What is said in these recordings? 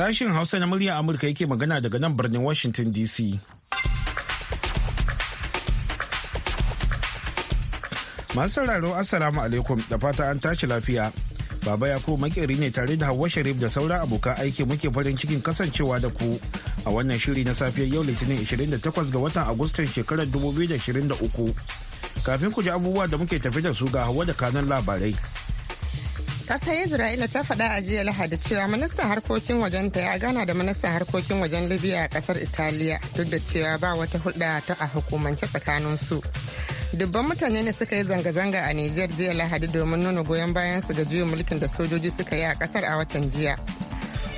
sashen Hausa na murya Amurka yake magana daga nan birnin Washington DC. Masu sauraro Assalamu alaikum da fata an tashi lafiya. Baba Yakubu makeri ne tare da Hauwa Sharif da sauran abokan aiki muke farin cikin kasancewa da ku a wannan shiri na safiyar yau Litinin 28 ga watan Agustan shekarar 2023. Kafin ku ji abubuwa da muke tafi da su ga Hauwa da kanan labarai. Ƙasar Isra'ila ta faɗa a jiya Lahadi cewa ministan harkokin wajenta ya gana da ministan harkokin wajen Libya a ƙasar Italiya duk da cewa ba wata hulɗa ta a hukumance tsakaninsu. Dubban mutane ne suka yi zanga-zanga a Nijar jiya Lahadi domin nuna goyon bayan su ga juyin mulkin da sojoji suka yi a ƙasar a watan jiya.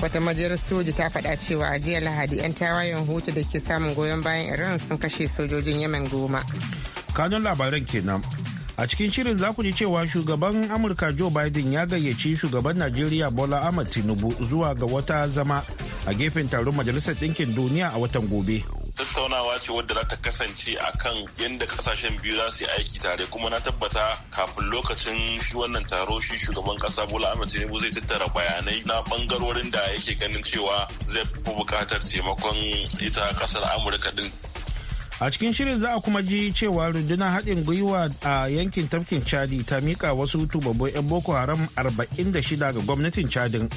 Wata majiyar soji ta faɗa cewa a jiya Lahadi 'yan tawayen hutu da ke samun goyon bayan Iran sun kashe sojojin Yemen goma. Kanun labaran kenan a cikin shirin za ku ji cewa shugaban amurka joe biden ya gayyaci shugaban najeriya bola ahmad tinubu zuwa ga wata zama a gefen taron majalisar ɗinkin duniya a watan gobe tattaunawa ce wadda za ta kasance a kan yadda kasashen biyu za su yi aiki tare kuma na tabbata kafin lokacin shi wannan taro shi shugaban kasa bola ahmed tinubu zai tattara bayanai na bangarorin da yake ganin cewa zai fi bukatar taimakon ita kasar amurka din a cikin shirin za a kuma ji cewa rundunar haɗin gwiwa a yankin tafkin chadi ta miƙa wasu tubabbun 'yan boko haram 46 ga gwamnatin chadin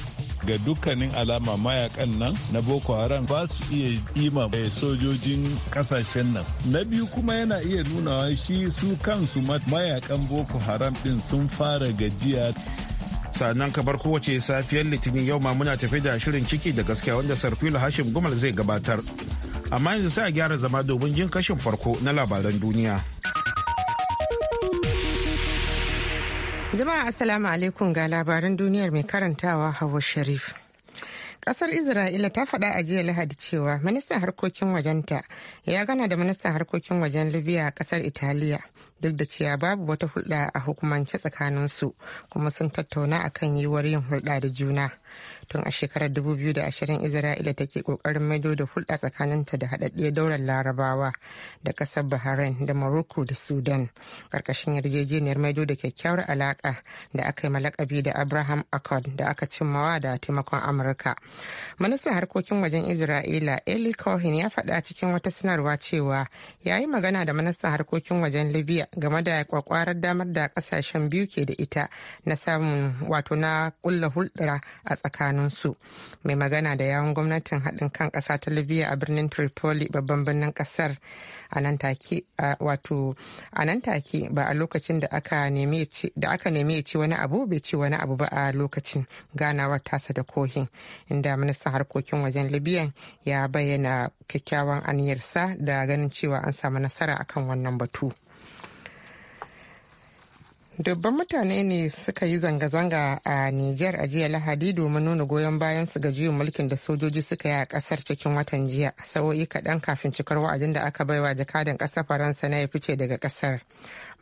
ga dukkanin alama mayakan nan na boko haram ba su iya ima sojojin kasashen nan na biyu kuma yana iya nunawa shi su kansu mayakan boko haram din sun fara gajiya sannan kamar kowace safiyar litinin yau ma muna tafi da shirin ciki da gaskiya wanda sarfilo hashim gumal zai gabatar amma yanzu sai a gyara zama domin jin kashin farko na labaran duniya. Jama'a Assalamu alaikum ga labaran duniyar mai karantawa Hawa Sharif. Kasar Isra'ila ta faɗa a jiya Lahadi cewa ministan harkokin wajenta ya gana da ministan harkokin wajen Libya a kasar Italiya. duk da cewa babu wata hulɗa a hukumance tsakaninsu kuma sun tattauna akan yiwuwar yin hulɗa da juna tun a shekarar 2020 isra'ila take kokarin maido da hulɗa tsakaninta da haɗaɗɗiyar daular larabawa da ƙasar bahrain da morocco da sudan ƙarƙashin yarjejeniyar maido da kyakkyawar alaƙa da aka yi malakabi da abraham accord da aka cimmawa da taimakon amurka ministan harkokin wajen isra'ila eli cohen ya faɗa cikin wata sanarwa cewa ya yi magana da ministan harkokin wajen libya game da kwakwarar damar da ƙasashen biyu ke da ita na samun wato na ƙulla hulɗa a tsakanin tsakaninsu mai magana da yawon gwamnatin haɗin kan ƙasa ta libya a birnin tripoli babban birnin ƙasar a nan take ba a lokacin da aka nemi ya ci wani abu bai ci wani abu ba a lokacin ganawar tasa da kohin inda ministan harkokin wajen libya ya bayyana kyakkyawan aniyarsa da ganin cewa an samu nasara akan wannan batu. dubban mutane ne suka yi zanga-zanga a niger a jiya lahadi domin nuna goyon bayan su ga juyin mulkin da sojoji suka yi a kasar cikin watan jiya sa'o'i kaɗan kafin cikar wa'adin da aka baiwa jakadan ƙasar faransa na ya fice daga ƙasar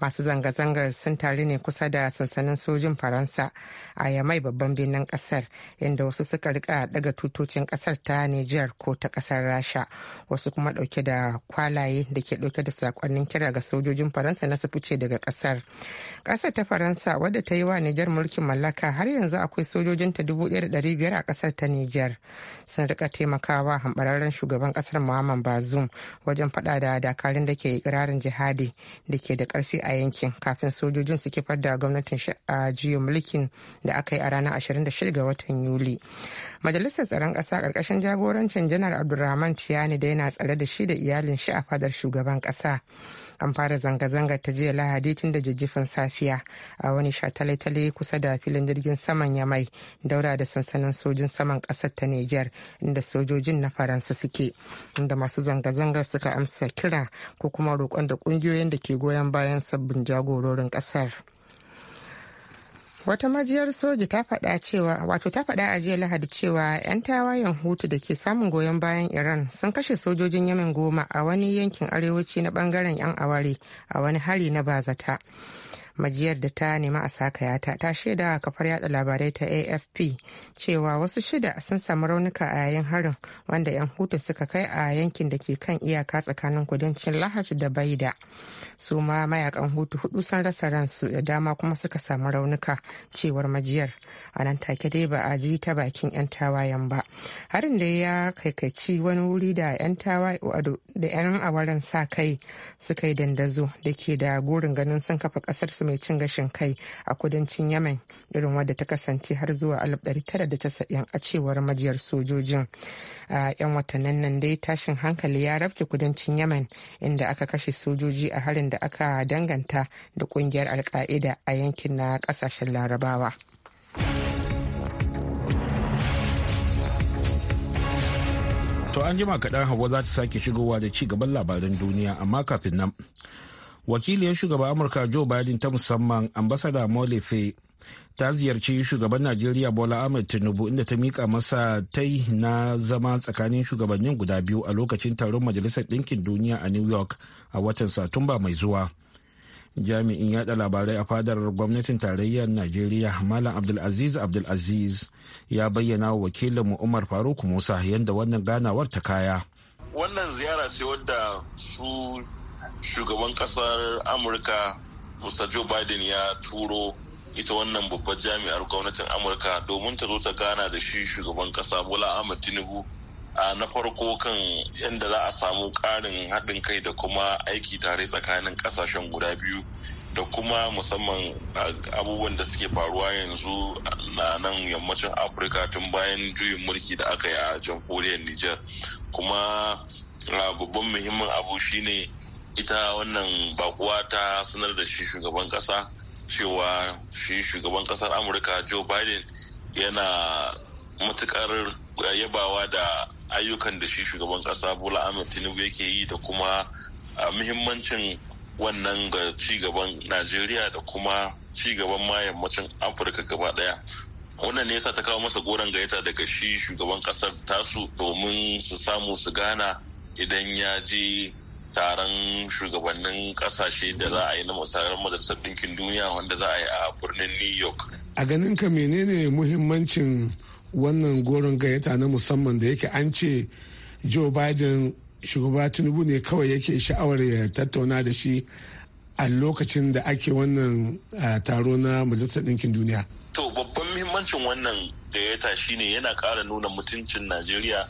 masu zanga-zangar sun taru ne kusa da sansanin sojin faransa a yamai babban birnin kasar inda wasu suka rika daga tutocin kasar ta niger ko ta kasar rasha wasu kuma dauke da kwalaye da ke dauke da sakonnin kira ga sojojin faransa na su fice daga kasar kasar ta faransa wadda ta yi wa niger mulkin mallaka har yanzu akwai sojojinta biyar a kasar ta niger sun rika taimakawa hambararren shugaban kasar muhammad bazoum wajen fada da dakarun da ke ikirarin jihadi da ke da karfi a a yankin kafin sojojin su kifar da gwamnatin shi a mulkin da aka yi a ranar 26 ga watan yuli majalisar tsaron ƙasa ƙarƙashin jagorancin janar abdulrahman tiyani da yana tsare da shi da iyalin shi a fadar shugaban ƙasa an fara zanga-zanga ta jiya lahadi tun da jijjifin safiya a wani shataletale kusa da filin jirgin saman yamai daura da sansanin sojin saman kasar ta niger inda sojojin na faransa suke inda masu zanga-zangar suka amsa kira ko kuma roƙon da ƙungiyoyin da ke goyon bayan sabbin jagororin ƙasar. wata majiyar soja ta faɗa cewa wato ta faɗa a jiya lahadi cewa 'yan tawayen hutu da ke samun goyon bayan iran sun kashe sojojin yamin goma a wani yankin arewaci na bangaren 'yan aware a wani hari na bazata majiyar da ta nemi a sakayata ta shaida kafar yada labarai ta afp cewa wasu shida sun samu raunuka a yayin harin wanda 'yan hutu suka kai a yankin da ke kan iyaka tsakanin kudancin lahaj da baida su ma mayakan hutu hudu sun rasa ransu da dama kuma suka samu raunuka cewar majiyar a nan take dai ba a ji ta bakin 'yan tawayen ba harin da ya kaikaci wani wuri da 'yan tawaye da 'yan awaran sa kai suka yi dandazo da ke da gurin ganin sun kafa kasar su mai cin gashin kai a kudancin yemen irin wadda ta kasance har zuwa 1990 a cewar majiyar sojojin a 'yan watannin nan dai tashin hankali ya rafke kudancin yemen inda aka kashe sojoji a harin da aka danganta da kungiyar alka'ida a yankin na kasashen larabawa. To an jima kaɗan Hauwa za ta sake shigowa da ci gaban labaran duniya amma kafin nan. wakiliyar shugaban amurka joe biden ta musamman ambasada molefe ta ziyarci shugaban najeriya bola ahmed tinubu inda ta mika masa tai na zama tsakanin shugabannin guda biyu a lokacin taron majalisar ɗinkin duniya a new york a watan satumba mai zuwa jami'in yada labarai a fadar gwamnatin tarayyar najeriya malam abdulaziz abdulaziz ya bayyana wa wakilin mu umar faruk musa yadda wannan ganawar ta kaya wannan ziyara ce wadda su shugaban kasar amurka mr joe biden ya turo ita wannan babbar jami'ar gwamnatin amurka domin ta zo ta gana da shi shugaban kasa bola ahmad tinubu a na farko kan yadda za a samu ƙarin haɗin kai da kuma aiki tare tsakanin ƙasashen guda biyu da kuma musamman abubuwan da suke faruwa yanzu na nan yammacin afirka tun bayan juyin mulki da aka yi a jamhuriyar niger kuma babban muhimmin abu shine ita wannan bakuwa ta sanar da shi shugaban kasa cewa shi shugaban kasar amurka joe biden yana matukar yabawa da ayyukan da shi shugaban kasa bola ahmed tinubu yake yi da kuma ah, muhimmancin wannan ga cigaban najeriya da kuma cigaban ma yammacin afirka gaba daya wannan ne yasa ta kawo masa goron gayyata daga shi shugaban kasar tasu domin su samu su gana idan ya je taron shugabannin kasashe da za a yi na musayar majalisar ɗinkin duniya wanda za a yi a birnin new york a ganin ka menene muhimmancin wannan goron gayyata na musamman da yake an ce joe biden shugaba tinubu ne kawai yake sha'awar ya tattauna da shi a lokacin da ake wannan taro na majalisar ɗinkin duniya to babban muhimmancin wannan gayyata shine yana kara nuna mutuncin najeriya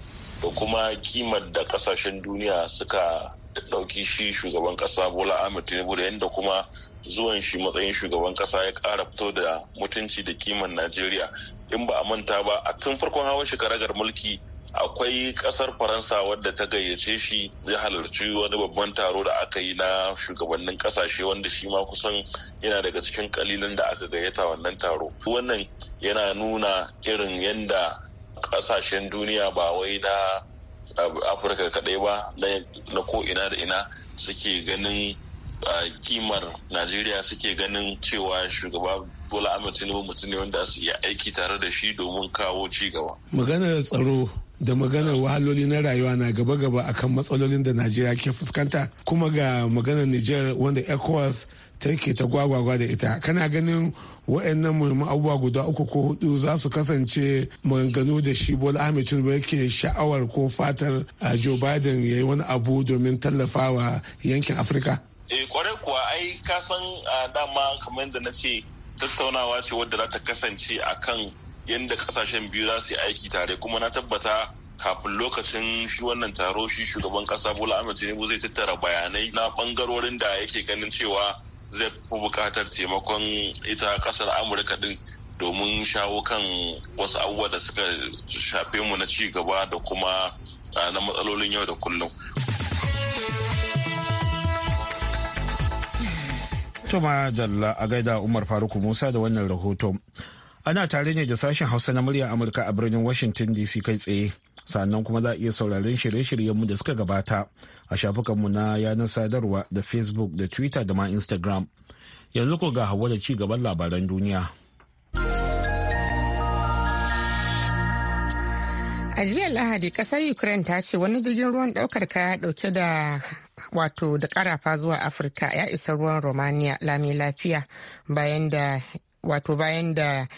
da kuma kimar da kasashen duniya suka ɗauki shi shugaban ƙasa bola ahmed tinubu da yadda kuma zuwan shi matsayin shugaban ƙasa ya ƙara fito da mutunci da kiman najeriya in ba a manta ba a tun farkon hawan shi mulki akwai ƙasar faransa wadda ta gayyace shi zai halarci wani babban taro da aka yi na shugabannin ƙasashe wanda shi ma kusan yana daga cikin kalilin da aka gayyata wannan taro wannan yana nuna irin yadda ƙasashen duniya ba wai na afirka kadai ba na ko ina da ina suke ganin kimar najeriya suke ganin cewa shugaba bola ahmed tinubu mutum ne wanda su iya aiki tare da shi domin kawo ci gaba maganar tsaro da maganar wahaloli na rayuwa na gaba-gaba akan matsalolin da najeriya ke fuskanta kuma ga maganar niger wanda ecowas take ta gwagwagwa da ita kana ganin wa'annan muhimman abubuwa guda uku ko hudu za su kasance maganganu da shi bola ahmed tinubu yake sha'awar ko fatar joe biden ya yi wani abu domin tallafawa yankin afirka eh kwarai kuwa ai ka san dama kamar yadda na ce tattaunawa ce wadda za ta kasance kan yadda kasashen biyu za su yi aiki tare kuma na tabbata kafin lokacin shi wannan taro shi shugaban kasa bola ahmed tinubu zai tattara bayanai na bangarorin da yake ganin cewa zai fi buƙatar taimakon ita ƙasar amurka din domin shawo kan wasu abubuwa da suka shafe mu na ci gaba da kuma na matsalolin yau da kullum. Tuma Jalla a gaida Umar faruk Musa da wannan rahoto. Ana tare ne da sashen Hausa na murya Amurka a birnin Washington DC kai tsaye. sannan kuma za a iya sauraron shirye-shiryenmu da suka gabata a shafukanmu na yanar sadarwa da facebook da twitter da ma instagram yanzu ko ga hawa da ci gaban labaran duniya a jiya lahadi kasar ukraine ta ce wani jirgin ruwan daukar kaya dauke da wato da karafa zuwa afirka ya isa ruwan romania lami lafiya bayan da wato bayan da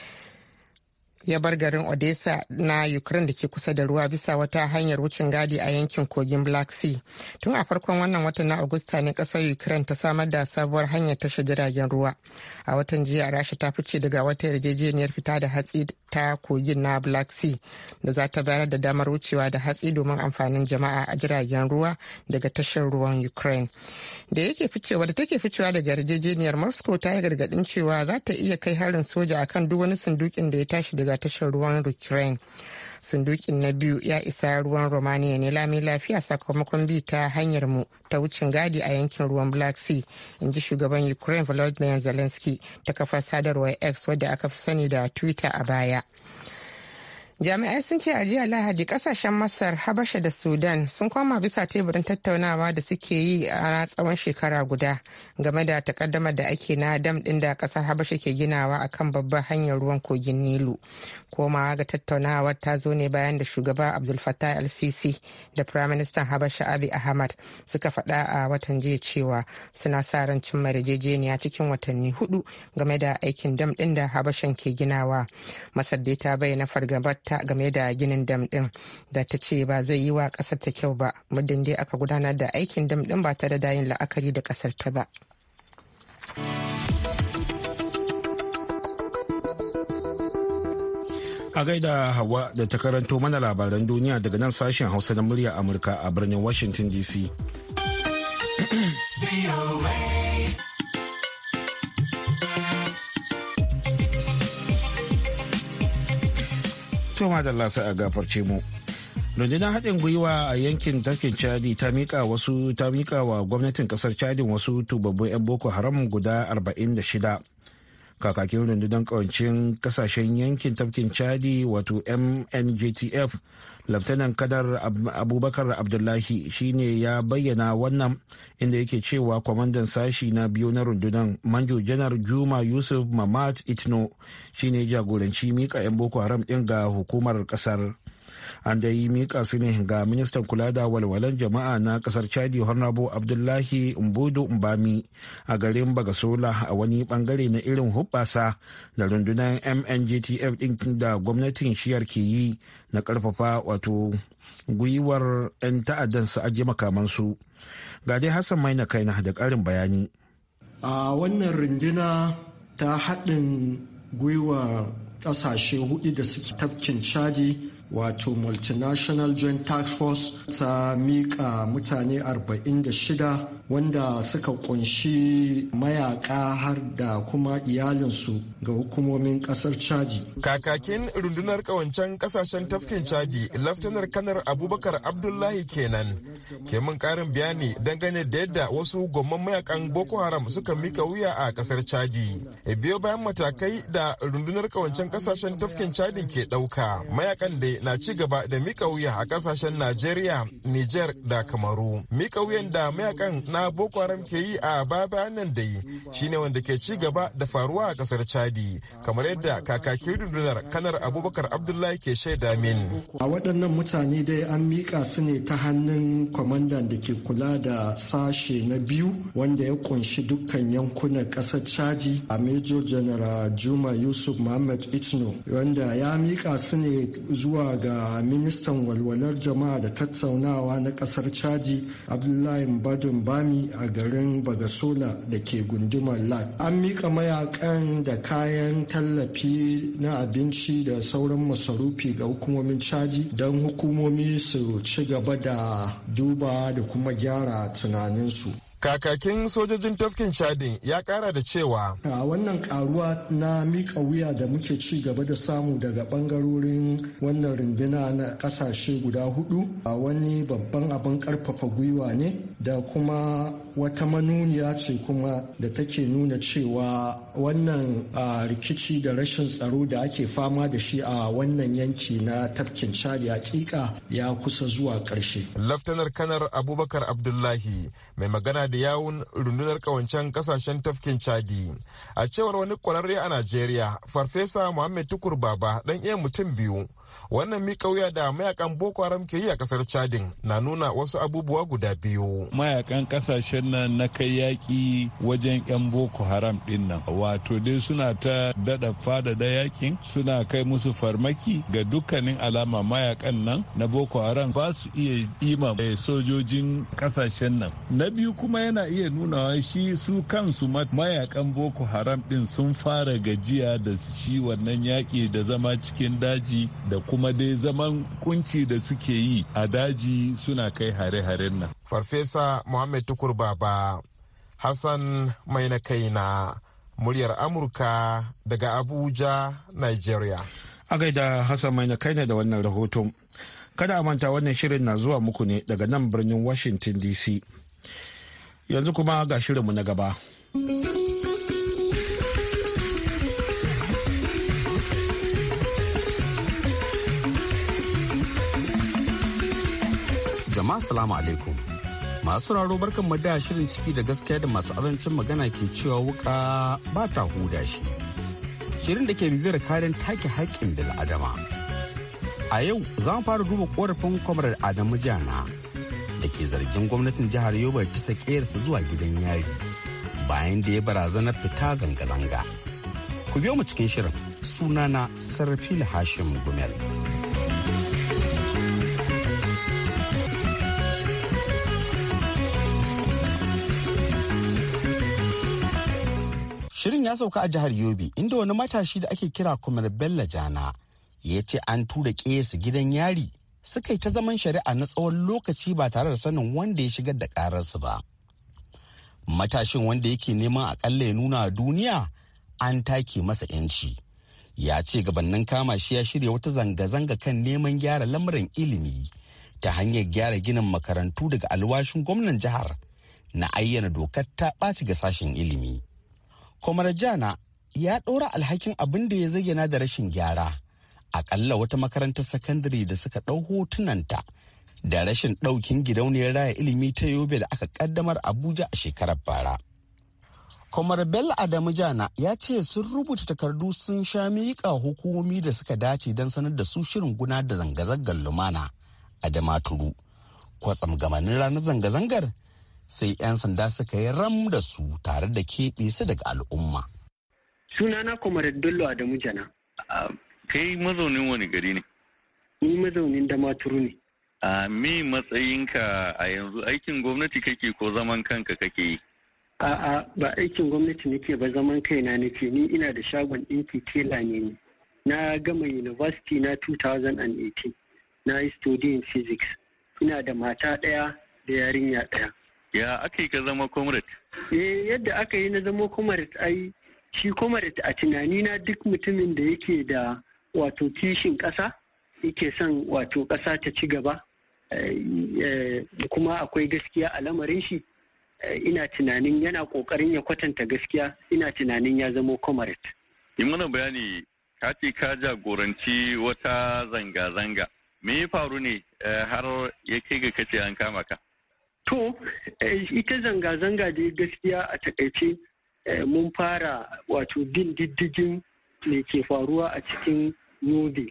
ya bar garin odessa na ukraine da ke kusa da ruwa bisa wata hanyar wucin gadi a yankin kogin black sea tun a farkon wannan watan na agusta ne kasar ukraine ta samar da sabuwar hanyar tashar jiragen ruwa a watan jiya rasha ta fice daga wata yarjejeniyar fita da hatsi ta kogin na black sea da za ta bayar da damar wucewa da hatsi domin amfanin jama'a a jiragen ruwa daga tashar ruwan ukraine da yake ficewa da take ficewa daga yarjejeniyar moscow ta yi gargadin cewa za ta iya kai harin soja akan duk wani sundukin da ya tashi daga tashar ruwan ukraine sundukin na biyu ya isa ruwan romania ne lami lafiya sakamakon bi ta hanyar mu ta wucin gadi a yankin ruwan black sea in ji shugaban ukraine volodymyr zelensky ta kafar sadarwar x wadda aka fi sani da twitter a baya jami'ai sun ce a jiya lahadi kasashen masar habasha da sudan sun koma bisa teburin tattaunawa da suke yi a tsawon shekara guda game da takaddamar da ake na dam din da kasar habasha ke ginawa a kan babbar hanyar ruwan kogin nilu komawa ga tattaunawar ta zo ne bayan da shugaba abdul fattah al sisi da firaministan habasha abi ahmad suka faɗa a watan jiya cewa suna sa ran cimma yarjejeniya cikin watanni hudu game da aikin dam din da habashan ke ginawa masar ta bayyana fargabar ta game da ginin dam din da ta ce ba zai yi wa kasar ta kyau ba muddin dai aka gudanar da aikin dam din ba tare da yin la'akari da kasar ta ba. A gaida Hawa da ta karanto mana labaran duniya daga nan sashen Hausa na murya Amurka a birnin Washington DC. kuma da lasa a gafarce mu. rundunar haɗin gwiwa a yankin tafkin chadi ta mika wasu ta mika wa gwamnatin kasar chadin wasu tubabbun 'yan boko haram guda 46 kakakin rundunar kawancin kasashen yankin tafkin chadi wato mngtf laftanan kadar abubakar abdullahi shine ya bayyana wannan inda yake cewa kwamandan sashi na biyu na rundunar manjo janar juma yusuf mamat itno shine jagoranci mika 'yan boko haram din ga hukumar kasar an da yi mika su ne ga ministan kula da walwalan jama'a na kasar chadi honorable abdullahi mbudu mbami a garin bagasola a wani bangare na irin hubbasa da rundunar mngtf din da gwamnatin shiyar ke yi na karfafa wato gwiwar 'yan ta'addan su ajiye makamansu ga dai hassan maina kaina da karin bayani a wannan runduna ta haɗin gwiwar ƙasashe hudu da suke tafkin chadi wato multinational joint Task force ta mika mutane 46 wanda suka kunshi mayaka har da kuma iyalinsu ga hukumomin kasar chadi kakakin rundunar kawancen kasashen tafkin chadi laftanar kanar abubakar abdullahi kenan ke min karin bayani dangane da yadda wasu gomman mayakan boko haram suka mika wuya a kasar chadi e, biyo bayan matakai da rundunar kawancen kasashen tafkin chadin ke dauka mayakan da na ci gaba da mika wuya a kasashen najeriya niger da kamaru mika wuyan da mayakan na boko haram ke yi a baba nan da yi shine wanda ke ci gaba da faruwa a kasar chadi kamar yadda kakakin rundunar kanar abubakar abdullahi ke shaida min a waɗannan mutane dai an mika su ne ta hannun kwamandan da ke kula da sashe na biyu wanda ya kunshi dukkan yankunan ƙasar chadi a major general juma yusuf muhammad itno wanda ya miƙa su ne zuwa ga ministan walwalar jama'a da tattaunawa na ƙasar chadi abdullahi badun linzami a garin Bagasola da ke gundumar lat an mika mayakan da kayan tallafi na abinci da sauran masarufi ga hukumomin caji don hukumomi su ci gaba da duba da kuma gyara tunaninsu kakakin sojojin tafkin chadin ya kara da cewa a wannan karuwa na mika wuya da muke ci gaba da samu daga bangarorin wannan runduna na kasashe guda hudu a wani babban abin karfafa gwiwa ne da kuma wata manuniya ce kuma da take nuna cewa wannan rikici da rashin tsaro da ake fama da shi a wannan yanki na tafkin chadi hakika ya kusa zuwa karshe. laftanar kanar abubakar abdullahi mai magana da yawun rundunar ƙawancen kasashen tafkin chadi a cewar wani kwararre a najeriya farfesa muhammed tukur baba ɗan iya mutum biyu wannan mi kauya da mayakan boko haram ke yi a kasar chadin na nuna wasu abubuwa guda biyu mayakan kasashen nan na kai yaki wajen yan boko haram din nan wato dai suna ta dada da yakin suna kai musu farmaki ga dukkanin alama mayakan nan na boko haram ba su iya ima eh, sojojin kasashen nan na biyu kuma yana iya nunawa shi su kansu mayakan boko haram din sun fara gajiya da shi wannan yaki da zama cikin daji da kuma dai zaman kunci da suke yi a daji suna kai hare-haren nan. Farfesa Muhammad Tukur Baba Hassan mai na kaina muryar Amurka daga Abuja, Nigeria. A gaida Hassan mai na kaina da wannan rahoton. Kada a manta wannan shirin na zuwa muku ne daga nan birnin Washington DC. Yanzu kuma ga shirinmu na gaba. jama'a salamu alaikum masu raro barkan da shirin ciki da gaskiya da masu azancin magana ke cewa wuka ba ta huda shi shirin da ke bibiyar karin take haƙƙin Adama. a yau za mu fara duba korafin kwamarar adamu jana da ke zargin gwamnatin jihar yobe ta sakiyarsa zuwa gidan yari bayan da ya barazana fita zanga-zanga ku biyo mu cikin shirin sunana sarfila hashim gumel. ya sauka a jihar Yobe inda wani matashi da ake kira Kumar Bello Jana ya ce an tura su gidan yari suka yi ta zaman shari'a na tsawon lokaci ba tare da sanin wanda ya shigar da kararsu ba. Matashin wanda yake neman akalla ya nuna duniya an take masa 'yanci. Ya ce gabannin kama shi ya shirya wata zanga-zanga kan neman gyara lamarin ilimi ta hanyar gyara ginin makarantu daga alwashin gwamnan jihar na ayyana dokar ta ɓaci ga sashen ilimi. Komar jana ya ɗora alhakin abin da ya zayyana da rashin gyara akalla wata makarantar sakandare da suka ɗau hotunanta da rashin ɗaukin gidauniyar raya ilimi ta yobe da aka ƙaddamar abuja a shekarar bara Komar bel adamu jana ya ce sun rubuta takardu sun sha miƙa hukumomi da suka dace don sanar da su shirin guna da zanga-zangar lumana a damaturu kwatsam gamanin ranar zanga-zangar sai 'yan sanda suka yi ram da su tare da keɓe su daga al'umma. Sunana Kwamar Dullo Adamu Jana. Ah, kai mazaunin wani gari ne? Ni mazaunin maturu ne. A ah, me matsayinka a yanzu aikin gwamnati kake ko zaman kanka kake yi? A'a ba aikin gwamnati nake ba zaman kaina nake ni ina da shagon ɗinki tela ne ni. Na gama university na 2018 na yi studying physics. Ina da mata ɗaya da yarinya ɗaya. ya aka ka zama comrade eh yadda aka yi na zama comrade ai shi comrade a tunani na duk mutumin da yake da wato kishin ƙasa yake son wato ƙasa ta ci gaba eh, eh, kuma akwai gaskiya a lamarin shi eh, ina tunanin yana ƙoƙarin ya kwatanta gaskiya ina tunanin ya zama comrade yi mana bayani ka ce ka jagoranci wata zanga-zanga me ya faru ne har ya kai ga kace an kama ka To, eh, ita zanga-zanga da gaskiya a takaice eh, mun fara wato bin diddigin da ke faruwa a cikin yobe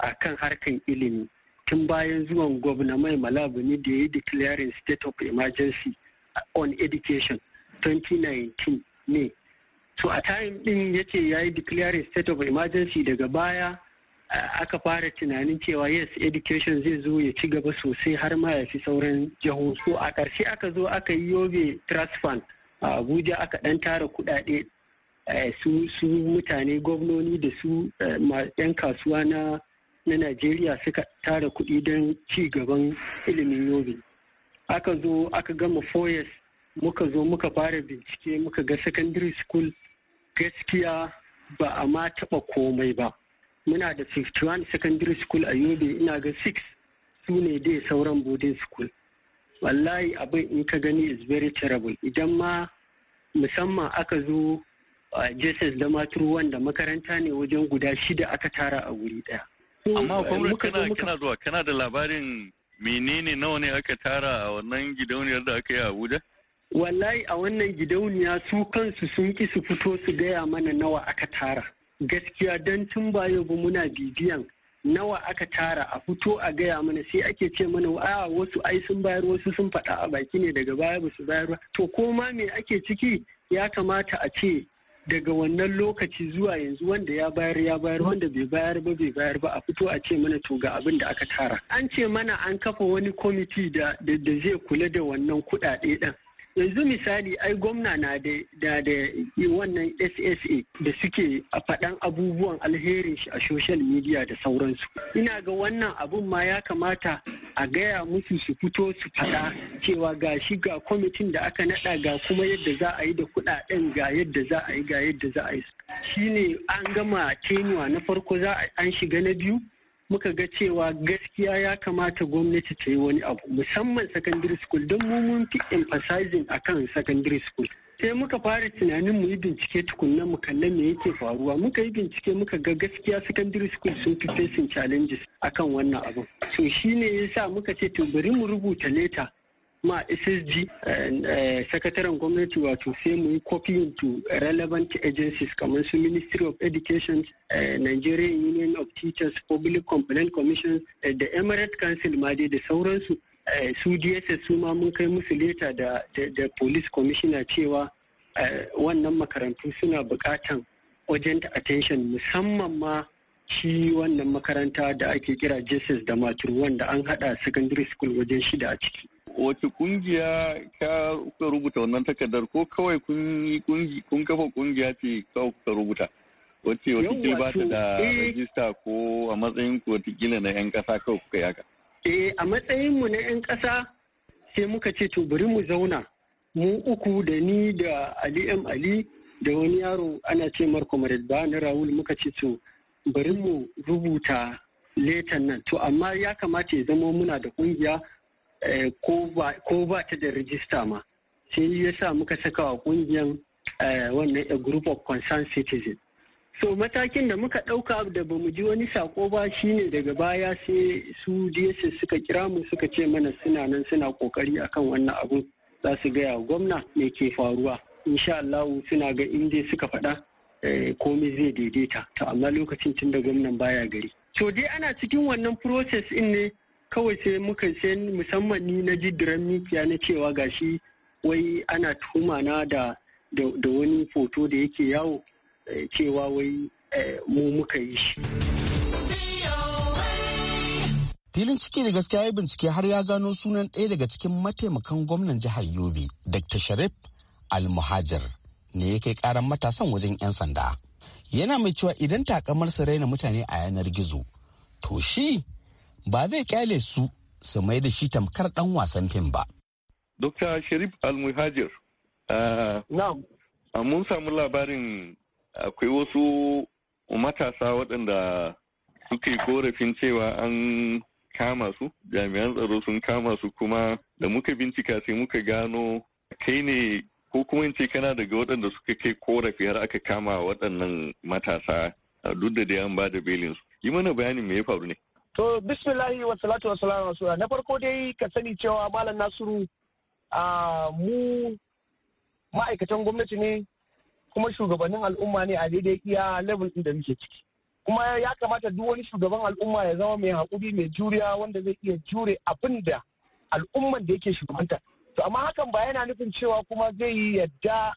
a kan harkan ilimi tun bayan zuwan gwamna mai malabuni da ya yi declaring state of emergency on education 2019 ne. To a time din yake ya yi declaring state of emergency daga baya aka fara tunanin cewa yes education zai zo ya ci gaba sosai har ma ya fi sauran jihohi so a ƙarshe aka zo aka yi yobe trust fund a abuja aka ɗan tara kuɗaɗe eh, su mutane gwamnoni da su yan eh, kasuwa na na najeriya suka tara kuɗi don ci gaban ilimin yobe aka zo aka gama foyes muka zo muka fara bincike muka ga secondary school gaskiya ba a ma taɓa komai ba muna da 51 secondary school a yobe ina ga 6 su ne dai sauran boarding school wallahi abin in ka gani is very terrible idan ma musamman aka zo a jesus da maturu wanda makaranta ne wajen guda shida aka tara a wuri daya amma kuma kana zuwa kana da labarin menene nawa ne aka tara a wannan gidauniyar da aka yi a abuja wallahi a wannan gidauniya su kansu sun ki su fito su gaya mana nawa aka tara gaskiya don tun ba yau ba muna bibiyan nawa aka tara a fito a gaya mana sai ake ce mana a wasu ai sun bayar wasu sun faɗa a baki ne daga baya ba su bayar ba to ko ma me ake ciki ya kamata a ce daga wannan lokaci zuwa yanzu wanda ya bayar ya bayar wanda bai bayar ba bai bayar ba a fito a ce mana to ga abin da aka tara an ce mana an kafa wani kwamiti da da zai kula da wannan kuɗaɗe ɗin yanzu misali ai gwamna na da da wannan ssa da suke a faɗan abubuwan alherin shi a social media da sauransu ina ga wannan abun ma ya kamata a gaya musu su fito su faɗa cewa ga shi ga kwamitin da aka naɗa ga kuma yadda za a yi da kuɗaɗen ga yadda za a yi ga yadda za a yi shine an gama tenuwa na farko za a an shiga na biyu muka ga cewa gaskiya ya kamata gwamnati ta yi wani abu musamman secondary school don mu mun fi emphasizing akan secondary school sai muka fara tunanin mu yi bincike tukunna mu kalla me yake faruwa muka yi bincike muka ga gaskiya secondary school sun fi facing challenges akan wannan abu ne shine yasa muka ce to bari mu rubuta leta ma ssg eh, sakataren gwamnati wato sai mu yi copying to relevant agencies kamar su ministry of education eh, nigerian union of teachers public complaint commission eh, da emirate council ma dai da sauransu su dss su ma mun kai musu leta da da police commissioner cewa wannan makarantu suna bukatan urgent attention musamman ma shi wannan makaranta da ake kira jesus da maturu wanda an hada secondary school wajen shida a ciki wace kungiya ka kuka rubuta wannan takardar ko kawai kun kafa kungiya ce kawai kuka rubuta wata watakila ba ta da eh. rajista ko a matsayin ku watakila na 'yan kasa kawai kuka yaka eh, a matsayin mu na 'yan kasa sai muka ce to bari mu zauna mu uku da ni da ali m ali da wani yaro ana ce marko ba na rahul muka ce to bari mu rubuta letan nan to amma ya kamata ya zama muna da kungiya Eh, ko ba ta da rijista ma sai ya sa muka saka wa kungiyan eh, wannan a eh, group of concerned citizens so matakin da muka ɗauka da ba mu ji wani sako ba shine daga baya sai su DSS suka kira mu suka ce mana suna nan suna kokari akan wannan abun za su gaya wa gwamna me ke faruwa insha Allah suna ga inda suka faɗa komai zai daidaita to amma lokacin tun da gwamnan baya gari so dai ana cikin wannan process in ne kawai sai muka sai musamman ni na ji diran mikiya na cewa gashi wai ana tuhuma na da da wani foto da yake yawo eh, cewa wai eh, mu muka yi shi filin ciki da gaskiya ya bincike har ya gano sunan ɗaya daga cikin mataimakan gwamnan jihar yobe dr sharif almuhajir ne ya kai karan matasan wajen 'yan sanda yana mai cewa idan takamar su raina mutane a yanar gizo to shi ba zai kyale su su mai da shi tamkar dan wasan fim ba. Dokta Sharif Almuhajir, ah, ah, mun samu labarin akwai wasu matasa waɗanda suke korafin cewa an kama su, jami'an tsaro sun kama su kuma da muka bincika sai muka gano kai ne ko kuma in ce kana daga waɗanda suka kai korafi har aka kama waɗannan matasa ah, duk da dai an ba da belinsu. Yi mana bayanin me ya faru ne? To bismillahi wa salatu wa salam wa Na farko dai ka sani cewa Malam Nasiru a mu ma'aikatan gwamnati ne kuma shugabannin al'umma ne a daidai iya level ɗin da muke ciki. Kuma ya kamata duk wani shugaban al'umma ya zama mai haƙuri mai juriya wanda zai iya jure abin da al'umman da yake shugabanta. To amma hakan ba yana nufin cewa kuma zai yi yadda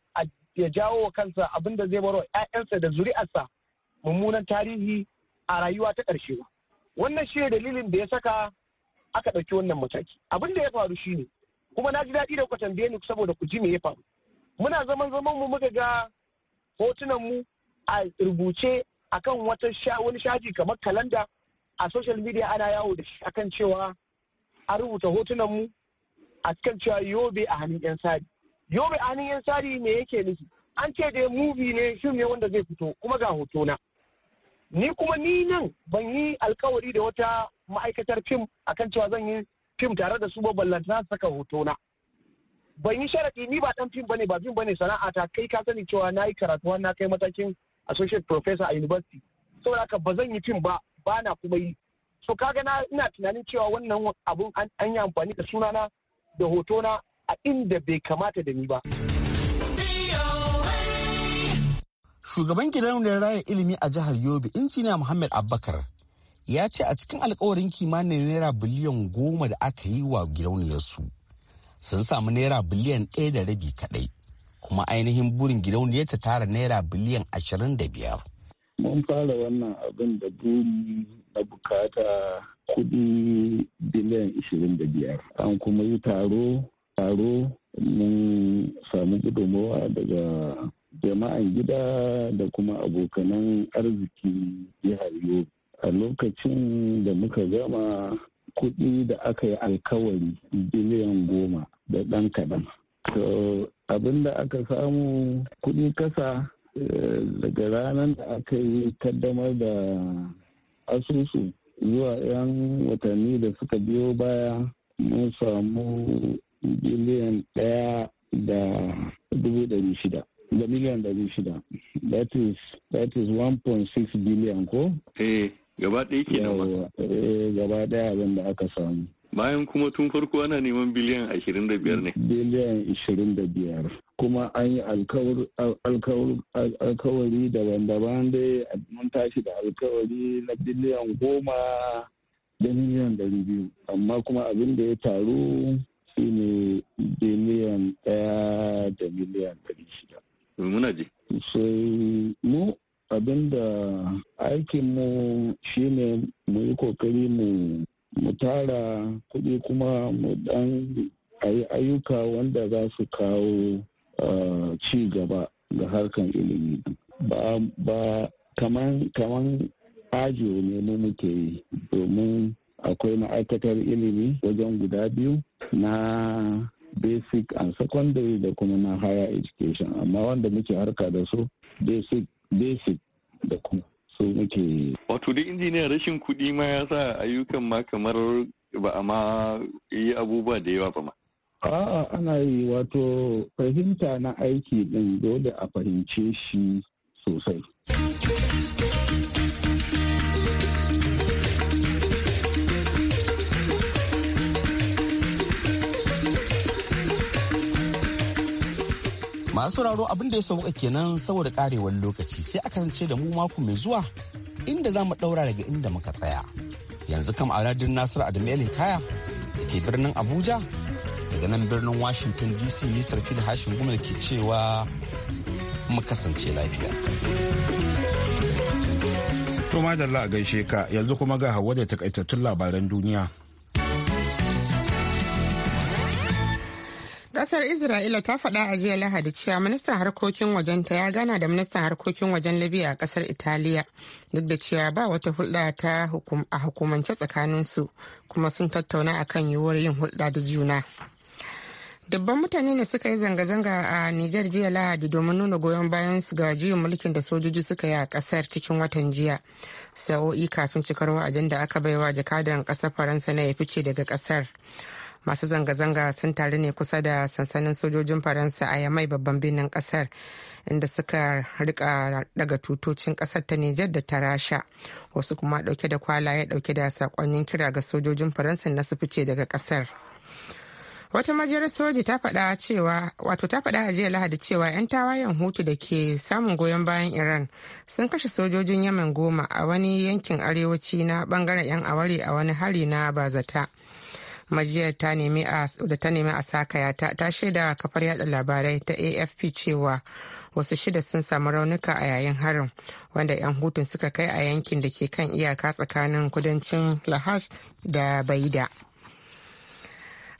ya jawo wa kansa abin da zai bar wa 'ya'yansa da zuri'arsa mummunan tarihi a rayuwa ta ƙarshe ba. wannan shi dalilin da ya saka aka ɗauki wannan mataki abin da ya faru shi ne. kuma na ji daɗi da ku tambaye ni saboda ku ji me ya faru muna zaman zaman mu muka ga hotunan mu a rubuce akan wata wani shaji kamar kalanda a social media ana yawo da shi akan cewa a rubuta hotunan mu a kan cewa yobe a hannun yan sari yobe a hannun yan sari me yake nufi an ce dai mubi ne shi ne wanda zai fito kuma ga hotona ni kuma ni nan ban yi alkawari da wata ma'aikatar fim akan cewa zan yi fim tare da su ba ballantana saka hotona, na ban yi sharadi ni ba dan fim bane ba fim bane sana'a ta kai ka sani cewa na yi karatu na kai matakin associate professor a university saboda haka ba zan yi fim ba ba na kuma yi so kaga na ina tunanin cewa wannan abun an yi amfani da sunana da hotona a inda bai kamata da ni ba. shugaban gidauniyar raya ilimi a jihar yobe injiniya muhammad Abubakar, ya ce a cikin alkawarin kimanin naira biliyan goma da aka yi wa gidauniyarsu sun samu naira biliyan ɗaya da rabi kaɗai kuma ainihin burin gidauniyar ta tara naira biliyan ashirin da biyar. mun fara wannan abin da buri na bukata kuɗi biliyan ashirin da biyar an kuma yi taro taro mun samu gudunmawa daga jama'an gida da kuma abokanan arziki jihar yobe a lokacin da muka gama kuɗi da aka yi alkawari biliyan goma da ɗan kaɗan so abinda aka samu kuɗi kasa eh, daga ranar da aka yi kaddamar da asusu zuwa 'yan watanni da suka biyo baya mun samu biliyan ɗaya da dubu shida da miliyan ɗari shida that is that is 1.6 billion ko eh gaba ɗaya ke nan eh gaba ɗaya abin da aka samu bayan kuma tun farko ana neman biliyan 25 ne biliyan 25 kuma an yi alkawari daban-daban dai mun tashi da alkawari na biliyan goma da miliyan biyu, amma kuma abin da ya taru shine biliyan ɗaya da miliyan ɗari shida. muna ji sai mu abinda aikin mu shine mu yi kokari mu mu tara kuɗi kuma mu dan ayi ayyuka wanda za su kawo ah, ci gaba ga harkan ilimi ba ba kaman kaman ajiyo ne mu muke yi domin akwai ma'aikatar ilimi wajen guda biyu na basic and secondary da kuma na higher education amma wanda muke harka da su basic basic da kuma su muke wato da injiniyar rashin kuɗi ma ya sa ayyukan ma kamar ba a ma yi abubuwa da yawa ba ma a'a ana yi wato fahimta na aiki din dole a fahimce shi sosai Masu sauraro abin da ya sauka kenan saboda karewar lokaci sai a kasance da mu mako mai zuwa inda za mu daura daga inda muka tsaya. Yanzu kam a radin Nasiru Adamu Elin Kaya da ke birnin Abuja daga nan birnin Washington DC ni sarki da hashin gumal ke cewa mu kasance lafiya. To da a gaishe ka yanzu kuma ga hawa da takaitattun labaran duniya. Kasar Isra'ila ta faɗa a jiya Lahadi cewa ministan harkokin wajenta ya gana da ministan harkokin wajen Libya a kasar Italiya duk da cewa ba wata hulɗa ta a hukumance su kuma sun tattauna akan yiwuwar yin hulɗa da juna. dubban mutane ne suka yi zanga-zanga a Nijar jiya Lahadi domin nuna goyon bayan su ga juyin mulkin da sojoji suka yi a kasar cikin watan jiya. Sa'o'i kafin cikar wa'adin da aka baiwa jakadan kasar Faransa na ya fice daga kasar. masu zanga-zanga sun taru ne kusa da sansanin sojojin faransa a yamai babban birnin kasar inda suka rika daga tutocin kasar ta nijar da ta rasha wasu kuma dauke da kwalaye dauke da sakonnin kira ga sojojin faransa na su fice daga kasar wata majiyar soji ta faɗa cewa wato ta faɗa a jiya lahadi cewa 'yan tawayen hutu da ke samun goyon bayan iran sun kashe sojojin yamen goma a wani yankin arewaci na bangaren 'yan awari a wani hari na bazata majiyar ta nemi da ta nemi a sakaya ta ta shaida kafar yada labarai ta afp cewa wasu shida sun samu raunuka a yayin harin wanda 'yan hutun suka kai a yankin da ke kan iyaka tsakanin kudancin lahash da baida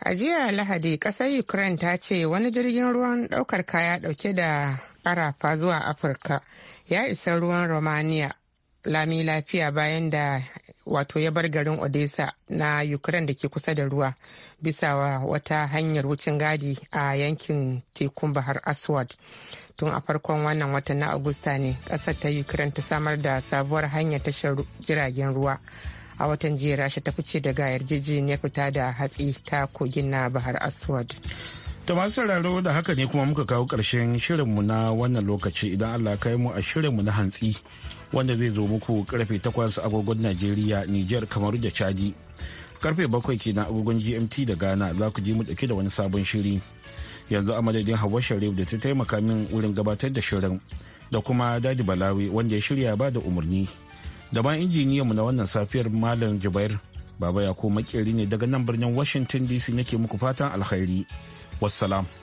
a jiya lahadi kasar ukraine ta ce wani jirgin ruwan daukar kaya dauke da karafa zuwa afirka ya isa ruwan romania lami lafiya bayan da wato ya bar garin odessa na ukraine da ke kusa da ruwa bisa wa wata hanyar wucin gadi a yankin tekun bahar aswad tun a farkon wannan watan na agusta ne kasar ta ukraine ta samar da sabuwar hanyar tashar jiragen ruwa a watan jiya rasha ta fice daga yarjejeniyar fita da hatsi ta kogin na bahar aswad To masu sauraro da haka ne kuma muka kawo ƙarshen shirinmu na wannan lokaci idan Allah kai mu a shirinmu na hantsi wanda zai zo muku karfe takwas agogon Najeriya, Nijar, Kamaru da Chadi. Karfe bakwai ke na agogon GMT da Ghana za ku ji mu dauke da wani sabon shiri. Yanzu a madadin Hawwa Sharif da ta taimaka min wurin gabatar da shirin da kuma Dadi Balawi wanda ya shirya ba da umarni. Da ban mu na wannan safiyar Malam Jubair Baba Yakubu Makeri ne daga nan birnin Washington DC nake muku fatan alkhairi. wassalam